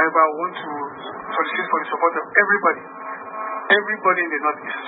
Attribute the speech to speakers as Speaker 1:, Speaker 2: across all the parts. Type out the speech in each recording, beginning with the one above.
Speaker 1: However, I want to solicit for the support of everybody, everybody in the Northeast,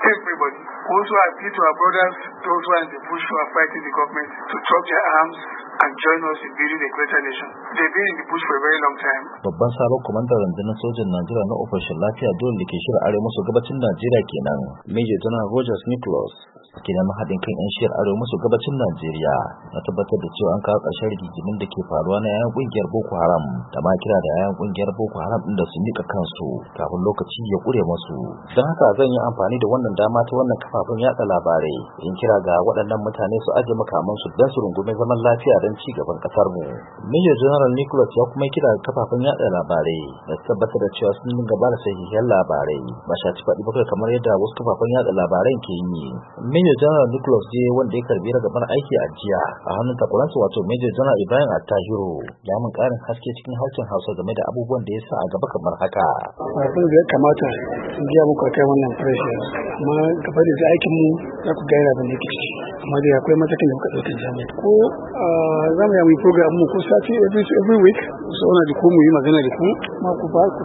Speaker 1: everybody. Also, I appeal to our brothers, those who are in the bush who are fighting the government, to drop their arms and join us in building a greater nation. They've been in the bush for a very long time.
Speaker 2: Babban sabon kwamandan rundunar sojan Najeriya na ofishin lafiya dole da ke shirin arewa maso gabacin Najeriya kenan. Major General Rogers Nicholas ke da mahaɗin kan 'yan shiyar arewa maso gabacin Najeriya na tabbatar da cewa an kawo ƙarshen rigimin da ke faruwa na yayan ƙungiyar Boko Haram da ma kira da yayan ƙungiyar Boko Haram ɗin da su miƙa kansu kafin lokaci ya ƙure masu. Don haka zan yi amfani da wannan dama ta wannan kafafen yaɗa labarai in kira ga waɗannan mutane su aje makamansu don su rungume zaman lafiya don ci gaban kasar mu major general nicholas ya kuma kira kafafen yada labarai da tabbatar da cewa sun dinga da sahihan labarai ba sha ci faɗi bakwai kamar yadda wasu kafafen yada labarai ke yi major general nicholas je wanda ya karbi ragabar aiki a jiya a hannun takwaransa wato major general ibrahim Atahiro. ya mun karin haske cikin harshen hausa game da abubuwan da ya sa a gaba kamar haka
Speaker 1: abin da ya kamata in ji muku kai wannan pressure kuma gaba da aikin mu za ku gaira da ne amma dai akwai matakin da muka ɗauka jami'a ko za mu yi program mu ko sati every week so na da ko mu yi magana da ku ma ku ba ku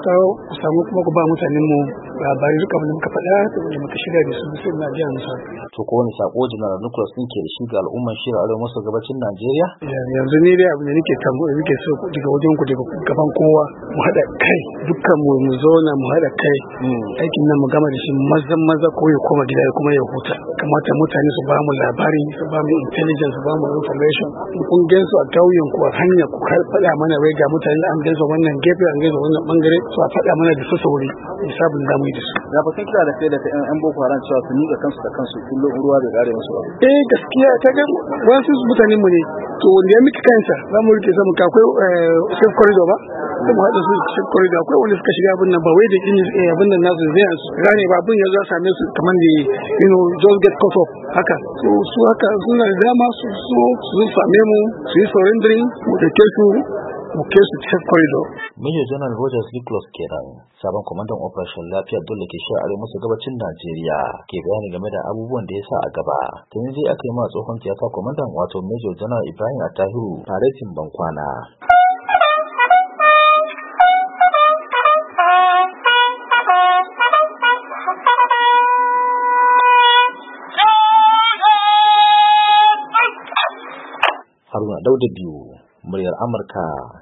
Speaker 1: samu kuma ku ba mutanen mu labarai duka wani muka faɗa da
Speaker 2: wani muka shirya da su sai na biya musu. To ko wani sako jinar nukulas ɗin ke da shi ga al'ummar shi arewa masu gabacin Najeriya?
Speaker 1: Yanzu ne dai abin da nake tambo da nake so daga wajen ku daga gaban kowa mu haɗa kai dukkan mu mu zauna mu haɗa kai hmm. aikin nan mu gama da shi maza maza ko ya koma gida kuma ya huta. Kamata mutane su ba mu labari su ba mu intelligence su ba mu information. Kun gaisu a kauyen ku a hanya ku har faɗa mana wai ga mutane an gansu wannan gefe an gaisu wannan bangare su a faɗa mana da su sauri. Sabon mu da su
Speaker 2: ya bakin kira da kai da yan boko haram cewa su miƙa kansu da kansu kullum ruwa bai gare musu ba
Speaker 1: eh gaskiya ta ga wasu mutane mu ne to wanda ya miki kansa za mu rike samu ka akwai eh, safe corridor ba sai mu haɗa su safe corridor akwai wani suka shiga abin nan ba wai da kin eh, abin nan nasu zai su gane ba abin ya zo same su kamar da you know just get caught up haka so su haka suna da dama su so su same mu su yi surrendering mu da su mu kesu su safe corridor
Speaker 2: Major General Rogers Nicholas kenan sabon kwamandan operation lafiya dole ke shi arewa masu gabacin Najeriya ke bayani game da abubuwan da ya sa a gaba. Ta zai aka yi ma tsohon tiyata kwamandan wato Major General Ibrahim Atahiru faretin bankwana. Haruna Dauda biyu, muryar Amurka